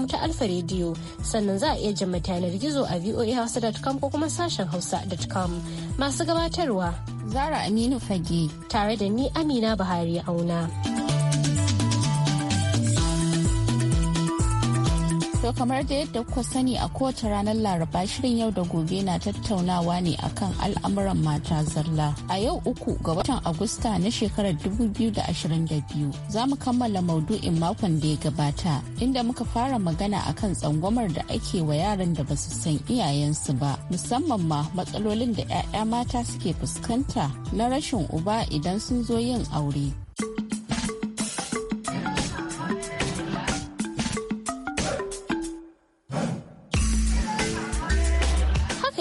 mu ta Alfa rediyo sannan za a iya jin yanar gizo a voahausa.com ko kuma sashen hausa.com masu gabatarwa. Zara Aminu Fage. Tare da ni Amina Buhari Auna. To kamar da yadda kuka sani a kowace ranar Laraba shirin yau da gobe na tattaunawa ne akan al'amuran mata zalla. A yau uku ga watan Agusta na shekarar da 2022 za mu kammala maudu'in makon da ya gabata inda muka fara magana akan tsangwamar da ake wa yaran da basu san iyayensu ba musamman ma matsalolin da 'ya'ya mata suke fuskanta na rashin uba idan sun zo yin aure.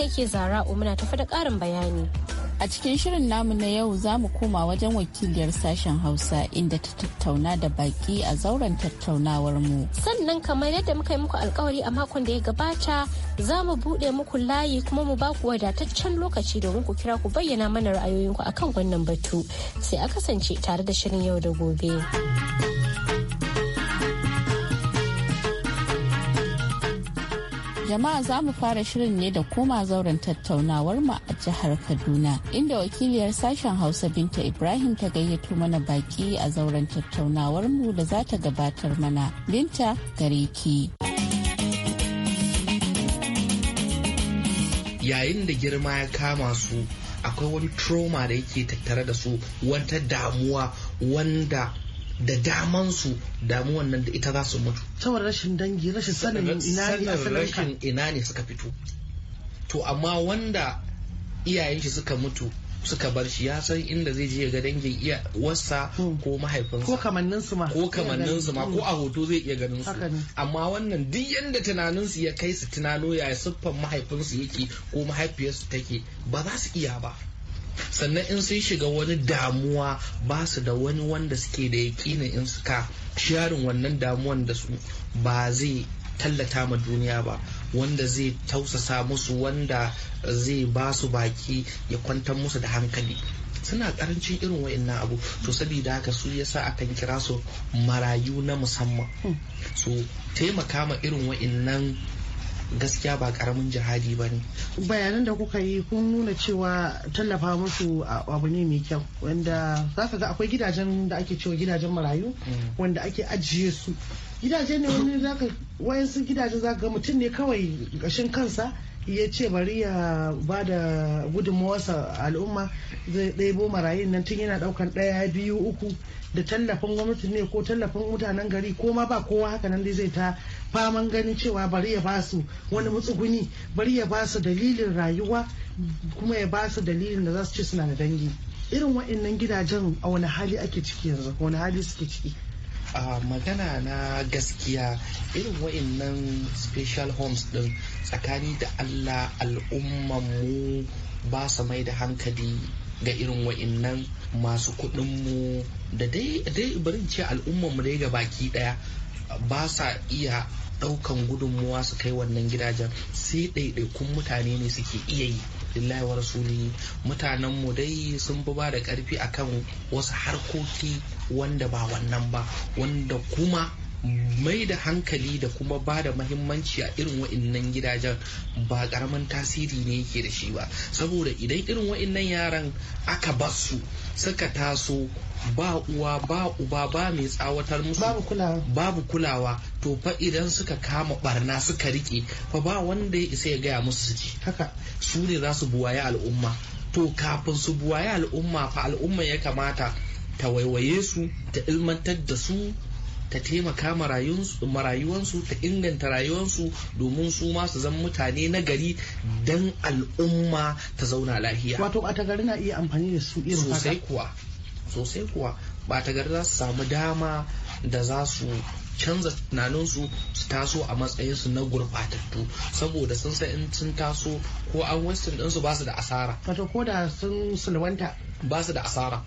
yake zara muna tafi da karin bayani. A cikin shirin namu na yau za mu koma wajen wakiliyar sashen Hausa inda ta tattauna da baki a zauren tattaunawar mu. Sannan kamar yadda muka yi muku alkawari a makon da ya gabata za mu buɗe muku layi kuma mu baku wadataccen lokaci domin ku kira ku bayyana mana ra'ayoyinku akan wannan batu. Sai a kasance tare da shirin yau da gobe. Jama'a za mu fara shirin ne da koma zauren tattaunawar mu a jihar Kaduna inda wakiliyar sashen Hausa Binta Ibrahim ta gayyato mana baki a zauren tattaunawar mu da za ta gabatar mana. Binta gare Yayin da girma ya kama su akwai wani trauma da yake tattare da su wata damuwa wanda da damansu damuwan nan da ita za su mutu saboda rashin dangi rashin sanin ina ne rashin ina ne suka fito to amma wanda iyayen shi suka mutu suka bar shi ya san inda zai je ga dangin iya wasa hmm. ko mahaifinsa ko kamannin su ma ko kamannin su ma ko a hoto zai iya ganin su amma wannan duk yanda tunanin su ya kai su tunano ya siffan mahaifinsu yake ko mahaifiyarsu take ba za su iya ba sannan in sun shiga wani damuwa ba su da wani wanda suke da kina in suka sharin wannan damuwan da su ba zai tallata ma duniya ba wanda zai tausasa musu wanda zai ba su baki ya kwantar musu da hankali suna karancin irin wa'annan abu to saboda haka su yasa akan kira su marayu na musamman hmm. Su taimaka ma irin nan. gaskiya ba karamin jihadi ba ne bayanan da kuka yi kun nuna cewa tallafa musu abu ne mai kyau wanda za ka ga akwai gidajen da ake cewa gidajen marayu mm. wanda ake ajiye su gidaje ne wani zaka wayansu gidaje ka ga mutum ne kawai gashin kansa ya ce bari ya ba da gudunmawarsa al'umma zai ɗebo marayun nan tun yana ɗaukan ɗaya biyu uku da tallafin gwamnati ne ko tallafin mutanen gari ko ma ba kowa haka nan dai zai ta faman ganin cewa bari ya basu wani matsuguni bari ya basu dalilin rayuwa kuma ya basu dalilin da za su ce suna da dangi irin waɗannan gidajen a wani hali ake ciki yanzu wani hali suke ciki a magana na gaskiya irin wa'annan special homes din tsakani da allah al'ummanmu ba su mai da hankali ga irin wa'annan masu kuɗinmu da dai barin ce al'ummanmu dai ga baki daya ba sa iya ɗaukan gudunmuwa su kai wannan gidajen sai ɗaiɗaikun mutane ne suke iya yi lillahi wa rasuli mutanenmu dai sun fi ba da ƙarfi akan wasu harkoki wanda ba wannan ba wanda kuma mai da hankali da kuma ba da mahimmanci a irin wa'innan gidajen ba karamin tasiri ne yake da shi ba saboda idan irin wa'innan yaran aka basu suka taso ba uwa ba uba ba mai tsawatar musu babu kulawa babu kulawa to fa idan suka kama barna suka rike fa ba wanda ya isa ya gaya musu su haka su ne za su buwaye al'umma to kafin su buwaye al'umma fa al'umma ya kamata ta waiwaye su ta ilmantar da su ta taimaka marayuwansu ta inganta rayuwansu domin su ma su zan mutane na gari don al'umma ta zauna lahiya. wato a gari na iya amfani da su irin sosai kuwa sosai kuwa ba gari za su samu dama da za su canza tunaninsu su taso a matsayinsu na gurbatattu saboda sun in sun taso ko an wasu ɗinsu ba su da asara. wato ko da sun sulwanta ba su da asara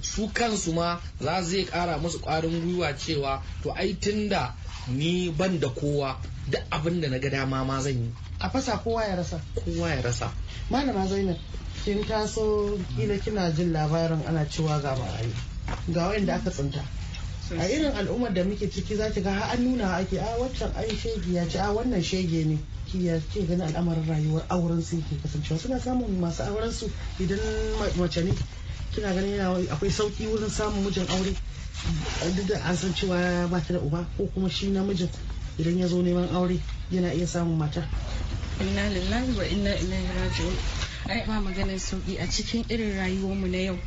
su kansu ma za zai kara musu kwarin gwiwa cewa to ai tunda ni ban da kowa duk abin da na ga dama ma zan yi a fasa kowa ya rasa kowa ya rasa malama zainab kin taso kila kina jin labarin ana cewa ga barayi ga wanda aka tsinta a irin al'ummar da muke ciki za ki ga har an nuna ake a waccan ai shege ya ce a wannan shege ne ki ya ke gani al'amarin rayuwar auren su ke kasancewa suna samun masu auren su idan mace ne kina ganin yana akwai sauki wurin samun mijin aure duk da an san cewa ba ta da uba ko kuma shi namijin idan ya zo neman aure yana iya samun mata inna lillahi wa inna ilaihi raji'un ai ba maganar sauki a cikin irin rayuwarmu na yau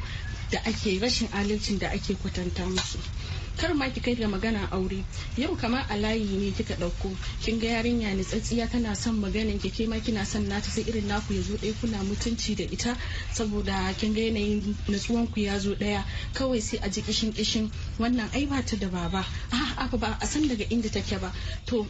da ake rashin adalcin da ake kwatanta musu kar ma ki kai ga magana aure yau kamar a layi ne kika ɗauko kin ga yarinya ni tsatsiya tana son maganan ki ke ma kina son nata sai irin naku ya zo ɗaya kuna mutunci da ita saboda kin ga yanayin natsuwan ku ya zo ɗaya kawai sai a ji kishin kishin wannan ai ba ta da baba a'a ah, ba a san daga inda take ba to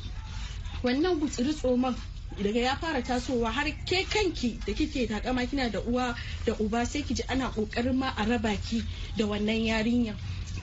wannan gutsiri tsoman daga ya fara tasowa har ke kanki da kike takama kina da uwa da uba sai ki ji ana kokarin ma a raba ki da wannan yarinyar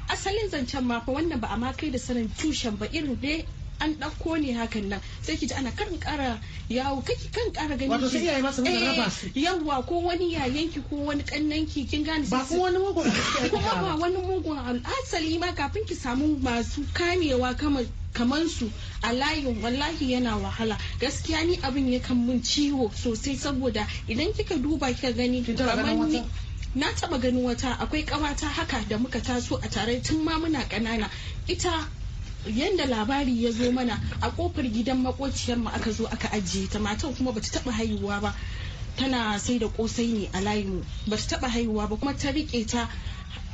asalin zancen ma fa wannan ba a ma kai da sanin tushen ba irin dai an ɗauko ne hakan nan sai ki ji ana kan ƙara yawo kai kan ƙara gani wato sai yayi masa mun raba su yawa ko wani yayanki ko wani kannanki kin gane ba ko wani mugun kuma ba wani mugun asali ma kafin ki samu masu kamewa kamar kamar su a layin wallahi yana wahala gaskiya ni abin ya kan mun ciwo sosai saboda idan kika duba kika gani kamar na taba ganin wata akwai kawata haka da muka taso a tare tun ma muna kanana ita yadda labari ya zo mana a kofar gidan makociyar mu aka zo aka ajiye ta matan kuma bata taba haihuwa ba tana sai da kosai ne a layinmu bata taba haihuwa ba kuma ta rike ta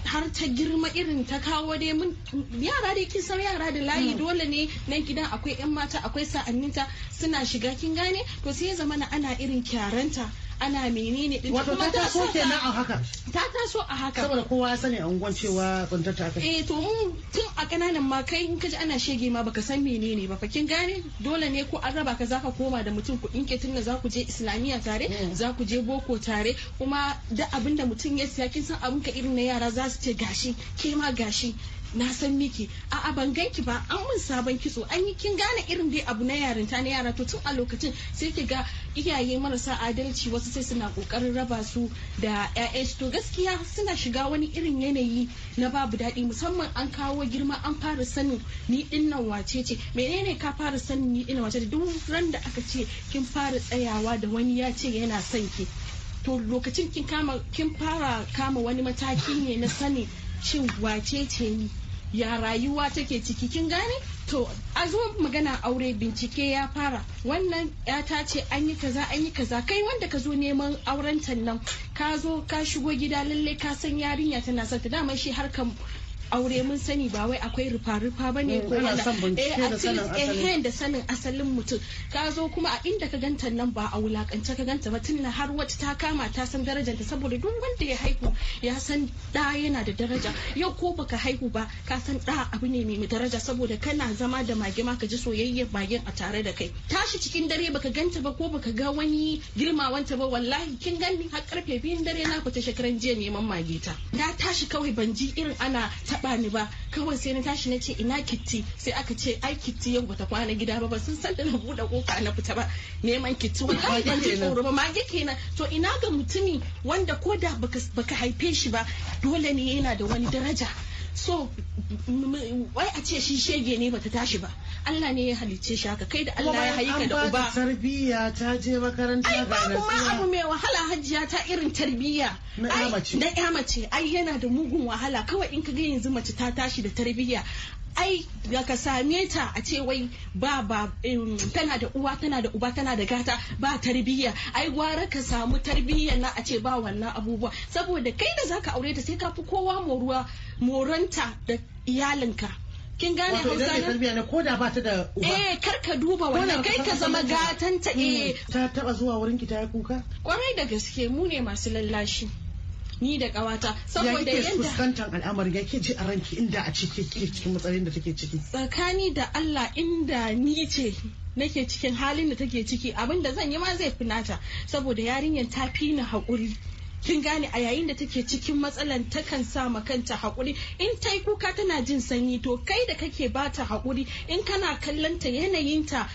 har ta girma irin ta kawo dai mun yara dai kin san yara da layi mm. dole ne nan gidan akwai yan mata akwai sa'anninta suna shiga kin gane to sai ya zamana ana irin kyaranta ana menene din wato ta taso kenan a haka ta taso a haka saboda kowa sani a unguwan cewa kuntar ta kai eh to mu tun a kananan ma kai in kaji ana shege ma baka san menene ba kin gane dole ne ko an raba ka zaka koma da mutum ku ke tunda za ku je islamiya tare hmm. za ku je boko tare kuma da abinda mutum ya siya kin san abin ka irin na yara za su ce gashi ke ma gashi na san miki a ban ganki ba an mun sabon kitso an yi kin gane irin dai abu na yarinta na yara to tun a lokacin sai ki ga iyaye marasa adalci wasu sai suna kokarin raba su da ƴaƴansu to gaskiya suna shiga wani irin yanayi na babu daɗi musamman an kawo girma an fara sanin ni dinnan wace ce menene ka fara sanin ni dinnan wace duk ran da aka ce kin fara tsayawa da wani ya ce yana son ki to lokacin kin kama kin fara kama wani mataki ne na sani. shin wace ce ni ya rayuwa take ciki kin gane to a zo magana aure bincike ya fara wannan ya ta ce an yi kaza an yi kaza kai wanda ka zo neman auren nan ka zo ka shigo gida lalle ka san yarinya tana son ta dama shi harkan aure mun sani ba wai akwai rufa-rufa ba ne ko wani da sanin asalin mutum ka zo kuma a inda ka ganta nan ba a wulakance ka ganta ba tunda har wata ta kama ta san darajanta saboda duk wanda ya haihu ya san da yana da daraja yau ko baka haihu ba ka san da abu ne mai daraja saboda kana zama da mage ma ka ji soyayya magen a tare da kai tashi cikin dare baka ganta ba ko baka ga wani girmawanta ba wallahi kin gani har karfe biyun dare na fita shekaran jiya neman mage ta na tashi kawai ban ji irin ana ta taba ni ba kawai sai na tashi na ce ina kitti sai aka ce ai kitti yau bata kwana gida ba ba sun san da na bude koka na fita ba neman kitti wallahi ban ji tsoro ba mage kenan to ina ga mutumi wanda ko da baka haife shi ba dole ne yana da wani daraja so wai a ce shi shege ne bata tashi ba Allah ne ya halicce shi haka kai da Allah ya haika da uba tarbiyya ta je makaranta ga Ai ba ma abu mai wahala hajjiya ta irin tarbiyya na mace ya mace ai yana da mugun wahala kawai in ka ga yanzu mace ta tashi da tarbiyya ai da ka same ta a ce wai ba ba tana da uwa tana da uba tana da gata ba tarbiyya ai gwara ka samu tarbiyya na a ce ba wannan abubuwa saboda kai da zaka aure ta sai ka fi kowa moruwa moranta da iyalinka kin gane hausa ne tarbiya ne koda ba ta da uba eh kar ka duba wannan kai ka zama gatan ta mm, eh ta taba zuwa wurin ki ta yi kuka kwarai da gaske mu ne masu lallashi ni da kawata saboda yadda ya fuskantar al'amarin ya ke ji a ranki inda a cikin ke cikin matsalolin da take ciki tsakani da Allah inda ni ce nake cikin halin da take ciki abin da zan yi ma zai fi nata saboda yarinyar ta fi ni haƙuri kin gane a yayin da take cikin matsalan takan sa ma kanta hakuri in ta yi kuka tana jin sanyi to kai da kake ba ta hakuri in kana kallon kallonta ta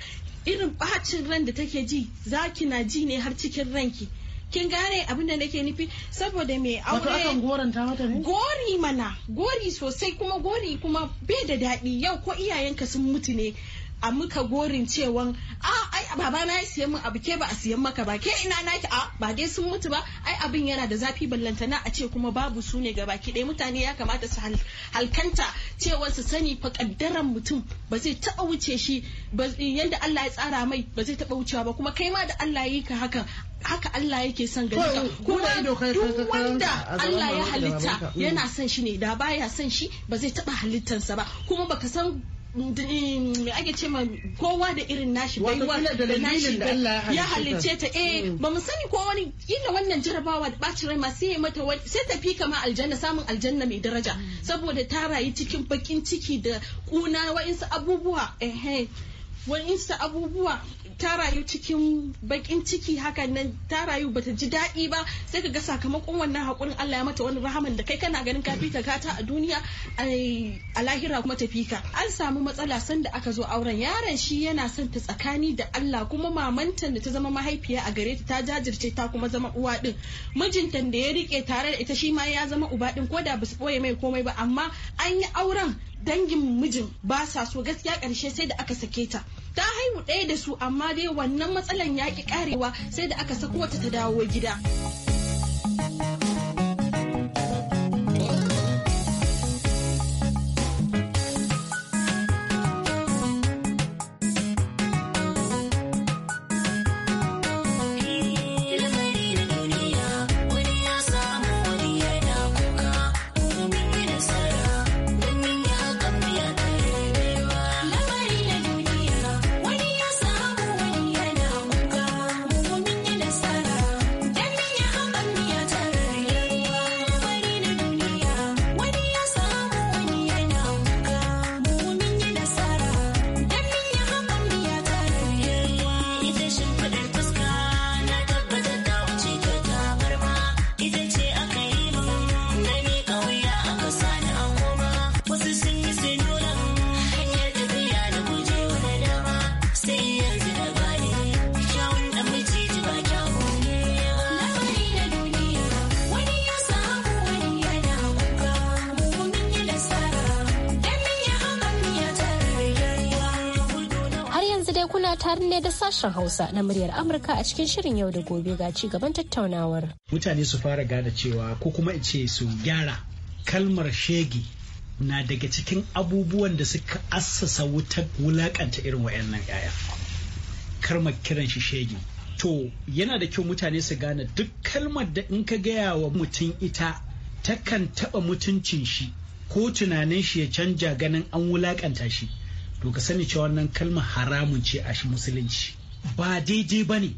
irin bacin ran da take ji zaki na ji ne har cikin ranki kin gane abin da nake nufi saboda mai aure gori mana gori sosai kuma gori kuma bai da dadi yau ko iyayenka sun mutu ne a muka gorin cewa a ai baba na ya siyan min abu ke ba a siyan maka ba ke ina naki a ba dai sun mutu ba ai abin yana da zafi ballantana a ce kuma babu su ne ga baki ɗaya mutane ya kamata su halkanta cewa su sani fa kaddaran mutum ba zai taɓa wuce shi yanda Allah ya tsara mai ba zai taɓa wucewa ba kuma kai ma da Allah ya yi ka hakan haka Allah yake son gani ka kuma duk wanda Allah ya halitta yana son shi ne da baya son shi ba zai taba halittansa ba kuma baka san me ake ce ma kowa da irin nashi baiwa da nashi ya halicce ta eh mm. ba mu sani ko wani kila wannan jarabawa da bacin rai ma sai mata sai tafi kama aljanna samun aljanna mai daraja mm. saboda ta rayu cikin bakin ciki da kuna wa'insu abubuwa eh, eh wa'insu abubuwa ta rayu cikin bakin ciki hakan nan ta rayu bata ji daɗi ba sai ka ga sakamakon wannan haƙurin Allah ya mata wani rahaman da kai kana ganin ka fita gata a duniya a lahira kuma ta fika an samu matsala sanda aka zo auren yaron shi yana son ta tsakani da Allah kuma mamantan da ta zama mahaifiya a gare ta ta jajirce ta kuma zama uwa din mijinta da ya rike tare da ita shi ma ya zama uba din ko da basu boye mai komai ba amma an yi auren dangin mijin ba sa so gaskiya karshe sai da aka sake ta ta haihu ɗaya da su amma dai wannan matsalan ya ƙi ƙarewa sai da aka sako wata ta dawo gida. Buhari ne da sashen Hausa na muryar Amurka a cikin shirin yau da gobe ga ci gaban tattaunawar. Mutane su fara gane cewa ko kuma ce su gyara kalmar shege na daga cikin abubuwan da suka assasa wutar wulakanta irin wayannan yaya. karma kiran shi shege To yana da kyau mutane su gane duk kalmar da in ka gaya wa mutum ita takan taɓa mutuncin shi ko tunanin shi ya canja ganin an wulakanta shi. to ka sani cewa wannan kalma haramun ce a shi musulunci ba daidai ba ne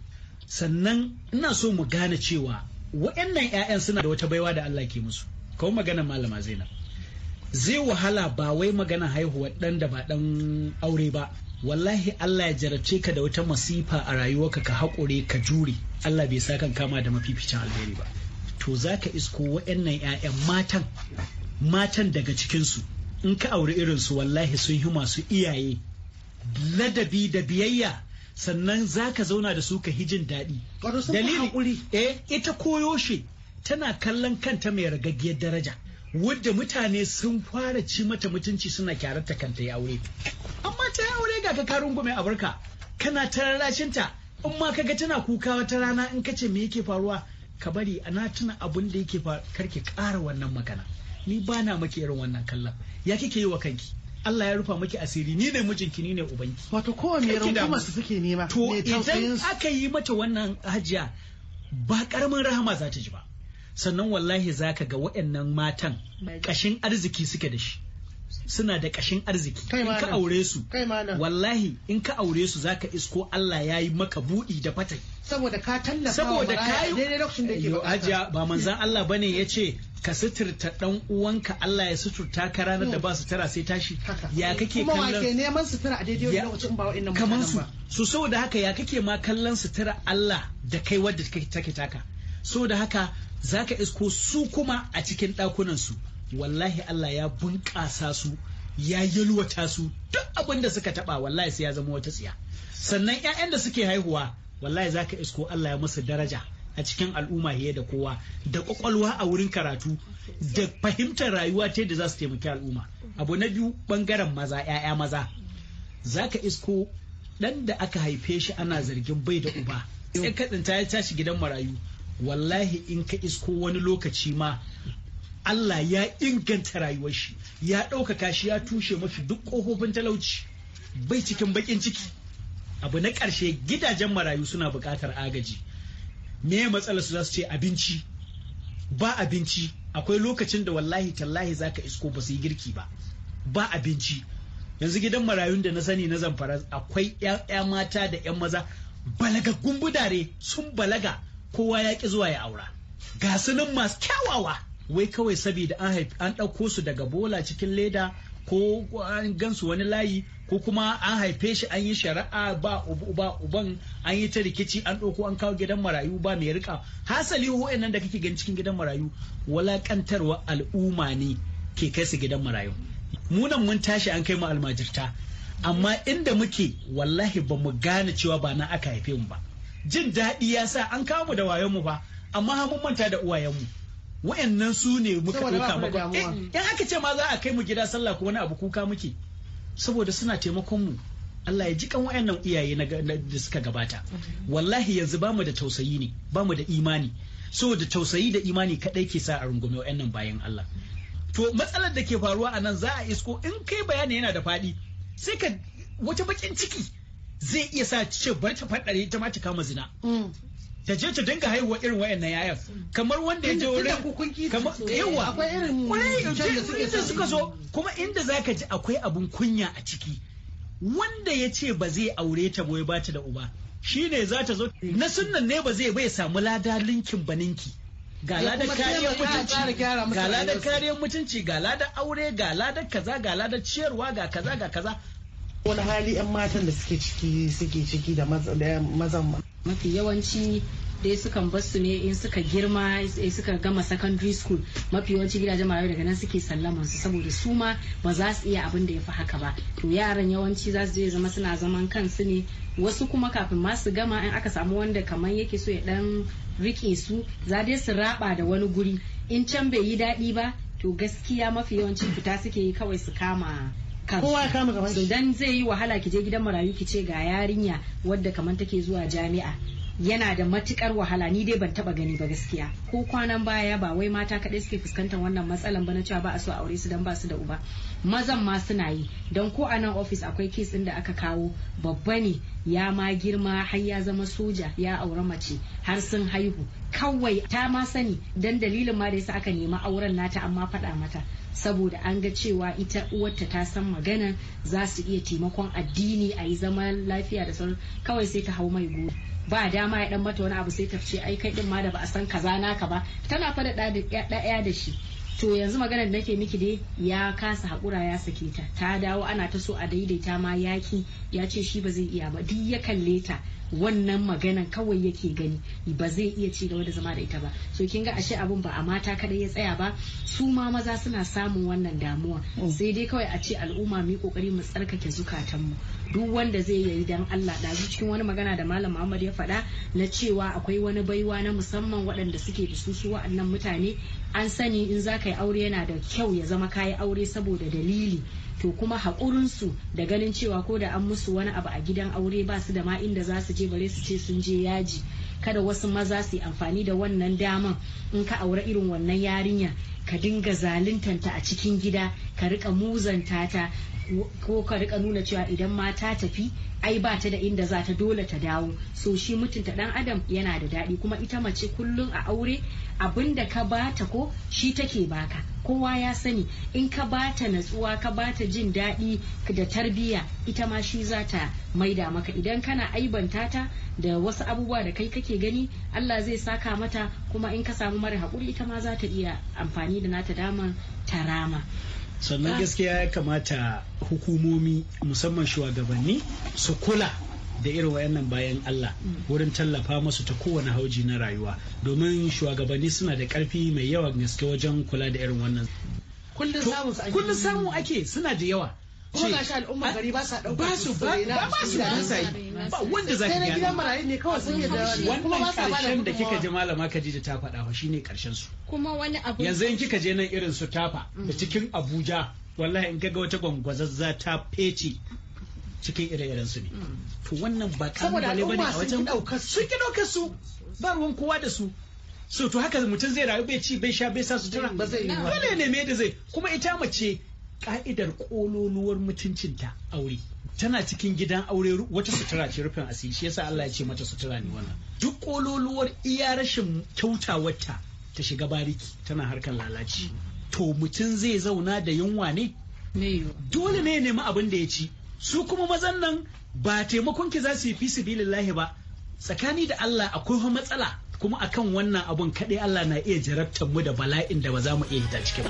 sannan ina so mu gane cewa waɗannan 'ya'yan suna da wata baiwa da Allah ke musu kawo magana malama zainab zai wahala ba wai magana haihuwa ɗan da ba ɗan aure ba wallahi Allah ya jarabce ka da wata masifa a rayuwarka ka haƙure ka jure Allah bai sakan kama da mafificin alheri ba to za ka isko waɗannan 'ya'yan matan matan daga cikinsu in ka auri irin su wallahi sun yi masu iyaye ladabi da biyayya sannan za ka zauna da su ka hijin daɗi. Dalili eh ita koyo shi tana kallon kanta mai ragaggiyar daraja. Wadda mutane sun fara ci mata mutunci suna kyararta kanta ya aure. Amma ta aure ga ka karun gume barka kana tararashin ta in ma kaga tana kuka wata rana in kace ce me yake faruwa ka bari ana tuna abun da yake karki ki ƙara wannan magana. ni ba na maki irin wannan kallon ya kike yi wa kanki Allah ya rufa maki asiri ni ne mijinki ni ne ubanki wato kowane kuma su suke nema to idan aka yi mata wannan hajiya ba karamin rahama za ta ji ba sannan wallahi zaka ga waɗannan matan kashin arziki suke da shi suna da kashin arziki in ka aure su wallahi in ka aure su zaka isko Allah ya yi maka buɗi da fatai saboda ka tallafa saboda ka yi daidai lokacin da ke ba manzan Allah bane ya ce ka suturta dan uwanka Allah ya suturta ka ranar da ba hmm. su tara sai tashi ya kake kallon kuma neman sutura a daidai lokacin ba wa'annan kaman su su saboda haka ya kake ma kallon sutura Allah da kai wadda take taka saboda haka zaka isko su kuma a cikin dakunan su wallahi Allah ya bunƙasa su ya yalwata su duk abin da suka taba wallahi sai ya zama wata tsiya sannan 'ya'yan da suke haihuwa wallahi zaka isko Allah ya musu daraja a cikin al'umma hiye da kowa da kwakwalwa a wurin karatu da fahimtar rayuwa ta yadda za su taimaki al'umma abu na biyu bangaren maza 'ya'ya maza za ka isko dan da aka haife shi ana zargin bai da uba sai katsanta ya tashi gidan marayu wallahi in ka isko wani lokaci ma Allah ya inganta rayuwar shi ya ɗaukaka shi ya tushe mafi duk ƙofofin talauci bai cikin baƙin ciki abu na ƙarshe gidajen marayu suna buƙatar agaji me matsalar su za su ce abinci ba abinci akwai lokacin da wallahi tallahi za ka isko ba su yi girki ba ba abinci yanzu gidan marayun da na sani na zamfara akwai 'ya mata da 'yan maza balagaggun budare sun balaga kowa ya ki zuwa ya aura ga sunan masu kyawawa wai kawai saboda an an ɗauko su daga bola cikin leda ko an gansu wani layi ko kuma an haife shi an yi shari'a ba uba uban an yi ta rikici an ɗauko an kawo gidan marayu ba mai rika hasali ho'in nan da kake gani cikin gidan marayu walakantarwa al'umma ne ke kai su gidan marayu munan mun tashi an kai mu almajirta amma inda muke wallahi ba mu gane cewa ba na aka haife mu ba jin daɗi ya sa an kawo mu da wayon mu ba amma mun manta da uwayenmu wa'annan su ne muka ɗauka maka eh, in haka ce ma za a kai mu gida sallah ko wani abu kuka muke saboda suna taimakon mu Allah ya ji kan wayannan iyaye da suka gabata wallahi yanzu bamu da tausayi ne bamu da imani saboda tausayi da imani kadai ke sa a rungume wayannan bayan Allah to matsalar da ke faruwa a nan za a isko in kai bayani yana da faɗi sai ka wata bakin ciki zai iya sa ce bar ta faɗare ta ma ta kama zina mm. ta je ta dinga haihuwa irin wayannan yayan kamar wanda ya je wurin kamar yawa akwai irin inda suka zo. kuma inda zaka ji akwai abun kunya a ciki wanda ya ce ba zai aure ta ba ba ta da uba shine za ta zo na sunnan ne ba zai bai samu lada linkin baninki ga ladar kariyar mutunci ga ladar kariyar mutunci ga ladar aure ga ladar kaza ga da ciyarwa ga kaza ga kaza wani hali 'yan matan da suke ciki suke ciki da mazan mafi yawanci dai sukan basu ne in suka girma suka gama secondary school mafi yawanci gidajen marayu daga nan suke sallaman su saboda su ma ba za su iya abin da ya fi haka ba to yaran yawanci za su je zama suna zaman kansu ne wasu kuma kafin ma su gama in aka samu wanda kamar yake so ya dan rike su za dai su raba da wani guri in can bai yi daɗi ba to gaskiya mafi yawanci fita suke yi kawai su kama kowa ya dan zai yi wahala ki je gidan marayu ki ce ga yarinya wadda kamar take zuwa jami'a yana da matukar wahala ni dai ban taba gani ba gaskiya ko kwanan baya ba wai mata kadai suke fuskantar wannan matsalan ba na cewa ba a so aure su dan ba su da uba mazan ma suna yi don ko a nan ofis akwai kes din da aka kawo babba ne ya ma girma har ya zama soja ya aure mace har sun haihu kawai ta ma sani dan dalilin ma da yasa aka nemi auren nata amma faɗa mata saboda an ga cewa ita uwarta ta san magana za su iya taimakon addini a yi zama lafiya da sauran kawai sai ta hau mai gobe ba dama ya dan mata wani abu sai ta ce ai kai din ma da ba a san kaza naka ba tana fada da ɗaya da shi to yanzu maganar da nake miki dai ya kasa haƙura ya sake ta ta dawo ana ta so a daidaita ma yaki ya ce shi ba zai iya ba duk ya kalle ta wannan maganan kawai yake gani ba zai iya ci gaba da zama da ita ba so kin ga ashe abun ba a mata kada ya tsaya ba su ma maza suna samun wannan damuwa mm. sai dai kawai a ce al'umma mu yi kokari mu tsarkake zukatan mu duk wanda zai yi dan Allah da cikin wani magana da malam Muhammad ya faɗa na cewa akwai wani baiwa na musamman waɗanda suke da su su waɗannan mutane an sani in za yi aure yana da kyau ya zama kayi aure saboda dalili to kuma haƙurinsu da ganin cewa ko da an musu wani abu a gidan aure ba su da ma inda za su je bare su ce sun je yaji kada wasu maza su yi amfani da wannan daman in ka aure irin wannan yarinya ka dinga zaluntanta a cikin gida ka rika muzanta ta ko ka rika nuna cewa idan ma ta tafi ai ba ta da inda za ta dole ta dawo so shi mutunta dan adam yana da daɗi kuma ita mace kullum a aure abin da ka bata ko shi take baka kowa ya sani in ka bata natsuwa ka bata jin daɗi da tarbiya ita ma shi za ta maida maka idan kana aibanta ta da wasu abubuwa da kai kake gani Allah zai saka mata kuma in ka samu mara hakuri ita ma za ta iya amfani da nata damar ta rama sannan gaskiya ya kamata hukumomi musamman shugabanni su kula da irin wayannan bayan Allah wurin tallafa masu ta kowane hauji na rayuwa domin shugabanni suna da karfi mai yawa gaske wajen kula da irin wannan kullum samu ake suna da yawa kuma al'ummar gari ba sa ɗauka ba su ba su ba ba wanda za ka sai wannan karshen da kika ji malama Khadija ta faɗa shine karshen su kuma wani abu yanzu in kika je nan irin su tafa da cikin abuja wallahi in kaga wata gwangwazazza ta fece cikin ire-iren su ne to wannan ba kalubale bane a wajen daukar su ki daukar su ba ruwan kowa da su so to haka mutum zai rayu bai ci bai sha bai sa sutura ba zai yi dole ne me da zai kuma ita mace ka'idar kololuwar mutuncinta aure tana cikin gidan aure wata sutura ce rufin asiri shi yasa Allah ya ce mata sutura ne wannan duk kololuwar iya rashin ta ta shiga bariki tana harkan lalaci to mutum zai zauna da yunwa ne dole ne ya nemi abin da ya ci su kuma mazan nan ba taimakon ki za su yi fi lillahi ba tsakani da Allah akwai matsala kuma akan wannan abun kaɗai Allah na iya jarabtar mu da bala'in da ba za mu iya hita cikin ba.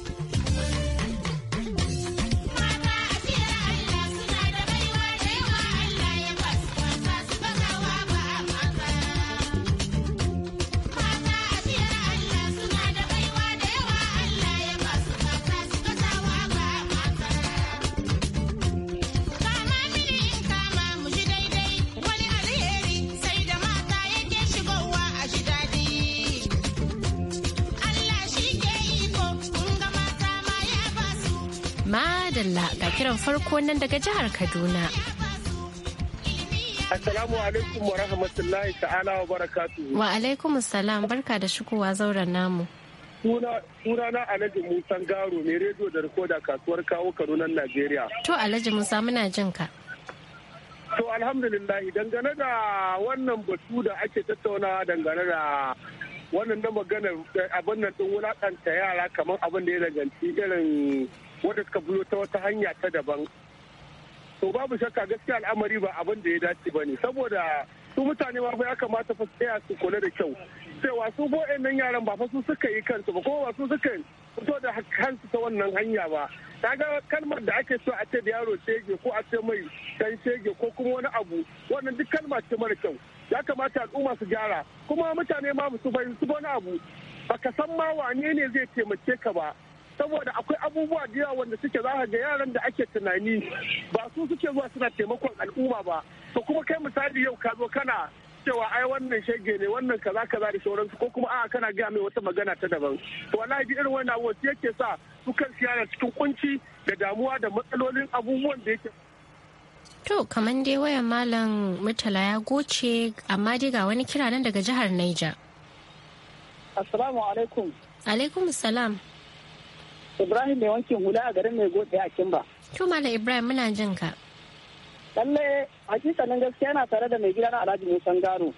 kiran farko nan daga jihar Kaduna. Assalamu alaikum wa rahmatullahi ta'ala wa barakatu. Wa alaikum salam barka da shigowa zauren namu. Suna na Alhaji Musa Garo mai rediyo da rikoda kasuwar kawo Kadunan Najeriya. To Alhaji Musa muna jin ka. To alhamdulillah dangane da wannan batu da ake tattaunawa dangane da wannan da maganar eh, abin nan din wulakanta yara kamar abin da ya danganci irin wadda suka ta wata hanya ta daban to babu shakka gaskiya al'amari ba abin da ya dace ba ne saboda su mutane ma ya kamata fa tsaya su kula da kyau cewa su bo'en nan yaran ba fa su suka yi kansu ba ko ba su suka fito da kansu ta wannan hanya ba kaga kalmar da ake so a ce da yaro shege ko a ce mai dan shege ko kuma wani abu wannan duk kalma ce mara kyau ya kamata al'umma su gyara kuma mutane ma su fahimci wani abu baka san ma wane ne zai taimake ka ba saboda akwai abubuwa da yawa wanda suke za ga yaran da ake tunani ba su suke zuwa suna taimakon al'umma ba to kuma kai misali yau ka zo kana cewa ai wannan shege ne wannan kaza kaza da sauransu ko kuma a kana gaya mai wata magana ta daban to wallahi irin wannan abu yake sa su kan siyara cikin kunci da damuwa da matsalolin abubuwan da yake To, kamar dai wayan Malam Murtala ya goce, amma dai ga wani kira nan daga jihar Naija. Assalamu alaikum. Alaikum salam. Ibrahim mai wankin hula a garin mai goce a Kimba. To, Malam Ibrahim muna jin ka. Lalle, hakikanin gaskiya yana tare da mai gida na Alhaji Musan Garo.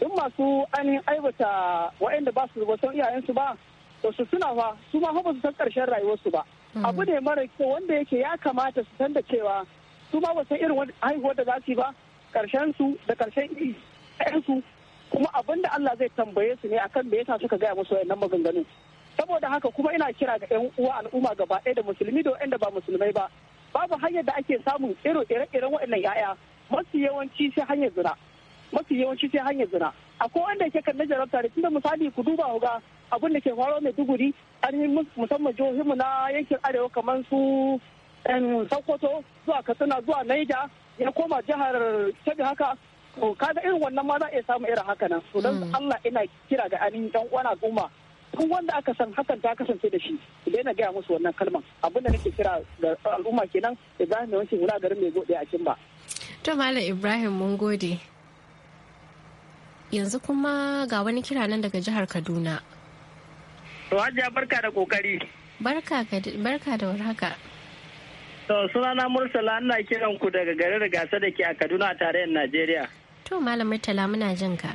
Duk masu ainihin aibata waɗanda ba su rubutun iyayensu ba, to su suna fa, su ma haɓa su san ƙarshen rayuwarsu ba. Hmm. Abu ne mara kyau wanda yake ya kamata su san da cewa su ma wasan irin haihuwar da za su yi ba karshen su da karshen su kuma abin da Allah zai tambaye su ne akan me yasa suka gaya musu wayannan maganganu saboda haka kuma ina kira ga yan uwa al'umma gaba ɗaya da musulmi da wanda ba musulmai ba babu hanyar da ake samun irin ire-iren waɗannan ya'ya mafi yawanci sai hanyar zina mafi yawanci sai hanyar zina akwai wanda yake kan jarabta da tunda misali ku duba ku ga abin da ke faruwa mai duguri an yi musamman jihohinmu na yankin arewa kamar su sokoto zuwa katsina zuwa naija ya koma jihar kebbi haka to kaga irin wannan ma za a iya samu irin haka nan to dan mm. Allah ina kira ga anin dan uwan al'umma duk wanda aka san hakan ta kasance da shi idan na gaya musu wannan kalman abin da nake kira ga al'umma kenan ya za mu yawanci wula garin mai gode a kin ba to malam ibrahim mun gode yanzu kuma ga wani kira nan daga jihar kaduna to hajiya barka da kokari barka da warhaka To sunana Murtala ana kiran ku daga garin Rigasa da ke a Kaduna tarayyar Najeriya. To Malam Murtala muna jin ka.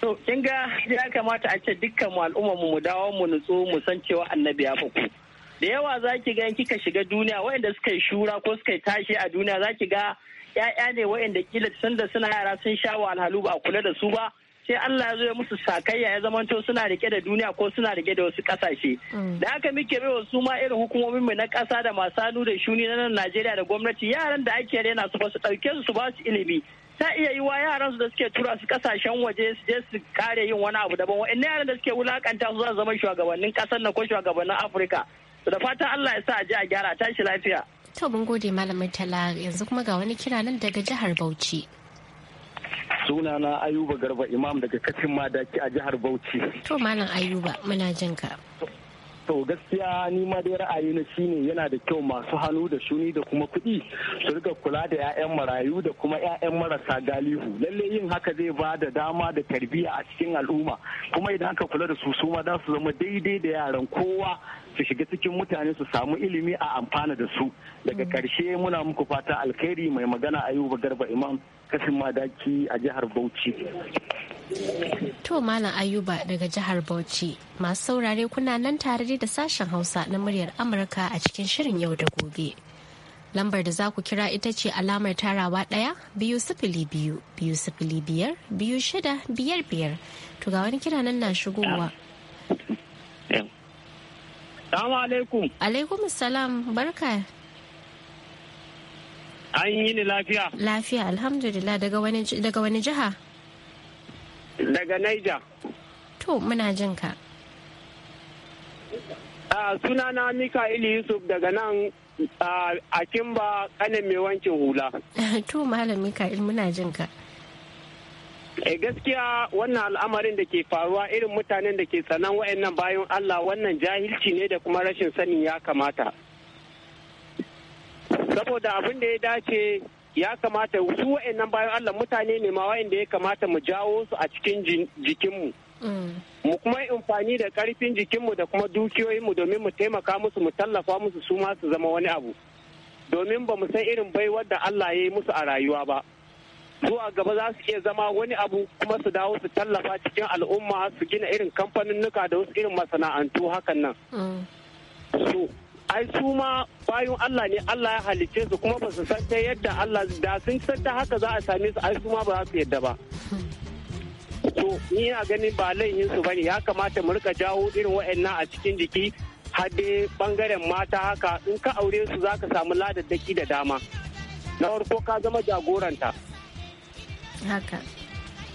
To kin ga ya kamata a ce dukkan mu al'umma mu dawo mu nutsu mu san cewa annabi ya faku. Da yawa zaki ga kika shiga duniya waɗanda suka yi shura ko suka yi tashi a duniya zaki ga ‘ya'ya ne waɗanda kila tun suna yara sun sha alhalu ba a kula da su ba sai Allah ya zo ya musu sakayya ya zamanto suna rike da duniya ko suna rike da wasu kasashe. Mm. Da haka muke baiwa su ma irin hukumomin mu na kasa da masu hannu da shuni na nan Najeriya da gwamnati yaran da ake rena su ba su ɗauke su su ba su ilimi. ta iya yi wa yaran su da suke tura su kasashen waje su je su kare yin wani abu daban wa'in yaran da suke wulakanta su za su zama shugabannin kasar na ko shugabannin afirka su da fatan allah ya sa a je a gyara tashi lafiya to mun gode malamin tala yanzu kuma ga wani kira nan daga jihar bauchi sunana ayuba garba imam daga kacin madaki a jihar bauchi to malam ayuba muna jin ka to gaskiya ni ma dai ra'ayi na shine yana da kyau masu hannu da shuni da kuma kuɗi su rika kula da 'ya'yan marayu da kuma 'ya'yan marasa galihu lalle yin haka zai ba da dama da tarbiyya a cikin al'umma kuma idan aka kula da su su ma za su zama daidai da yaran kowa su shiga cikin mutane su samu ilimi a amfana da su daga mm. karshe muna muku fata alkhairi mai magana ayuba garba imam kasin madaki a jihar bauchi to malam ayuba daga jihar bauchi masu saurare kuna nan tare da sashen hausa na muryar amurka a cikin shirin yau da gobe lambar da za ku kira ita ce alamar tarawa ɗaya biyu sifili biyu biyu sifili biyar biyu shida biyar biyar to ga wani kira nan na shigowa Salamu alaikum. Alaikum salam barka. An yi ni lafiya. Lafiya alhamdulillah daga wani daga wani jiha? Daga Naija. To muna jin ka. Uh, sunana Mika'il Yusuf daga nan uh, ah, a Kimba kanin mai wankin hula. to Malam Mika'il muna jin ka. E gaskiya wannan al'amarin da ke faruwa irin mutanen da ke tsanan wa'annan bayan Allah wannan jahilci ne da kuma rashin sani ya kamata. Saboda abin da ya dace ya kamata su wa'annan bayan Allah mutane ne ma wa'anda ya kamata mu jawo su a cikin jikinmu. Mm. Mu kuma yi amfani da karfin jikinmu da kuma dukiyoyinmu domin mu taimaka musu mu tallafa musu su ma su zama wani abu. Domin ba mu san irin baiwar da Allah ya yi musu a rayuwa ba. zuwa gaba za su iya zama wani abu kuma su dawo su tallafa cikin al'umma su gina irin kamfaninnuka da wasu irin masana'antu hakan nan. Mm. So, ai su ma bayan Allah ne Allah ya halicce su kuma ba su san ta yadda Allah da sun san ta haka za a same su ai su ma ba za su yadda ba. So, ni na ganin ba laihin su bane ya kamata mu rika jawo irin wa'annan a cikin jiki har ɓangaren bangaren mata haka in ka aure su za ka samu ladaddaki da dama. Na farko ka zama jagoranta. haka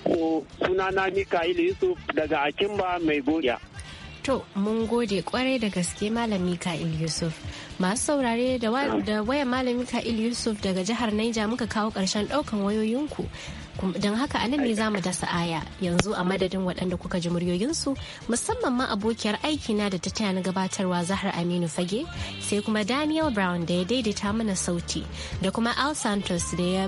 ko sunana Mika'il Yusuf daga Akimba mai godiya. To, mun gode kwarai da gaske Malam Mika'il Yusuf. masu saurare da waya malam mika'il yusuf daga jihar naija muka kawo ƙarshen ɗaukan wayoyinku don haka a ne za mu dasa aya yanzu a madadin waɗanda kuka ji muryoyinsu musamman ma abokiyar aikina da ta taya na gabatarwa zahar aminu fage sai kuma daniel brown da ya daidaita mana sauti da kuma al santos da ya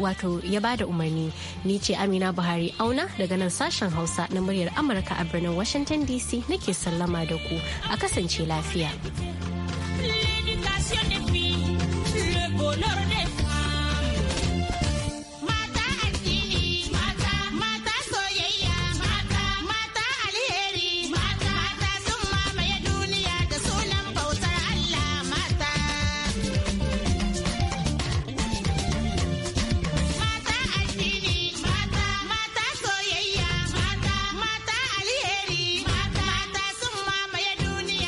wato ya ba da umarni ni ce amina buhari auna daga nan sashen hausa na muryar amurka a birnin washington dc nake sallama da ku a kasance lafiya. de fin, le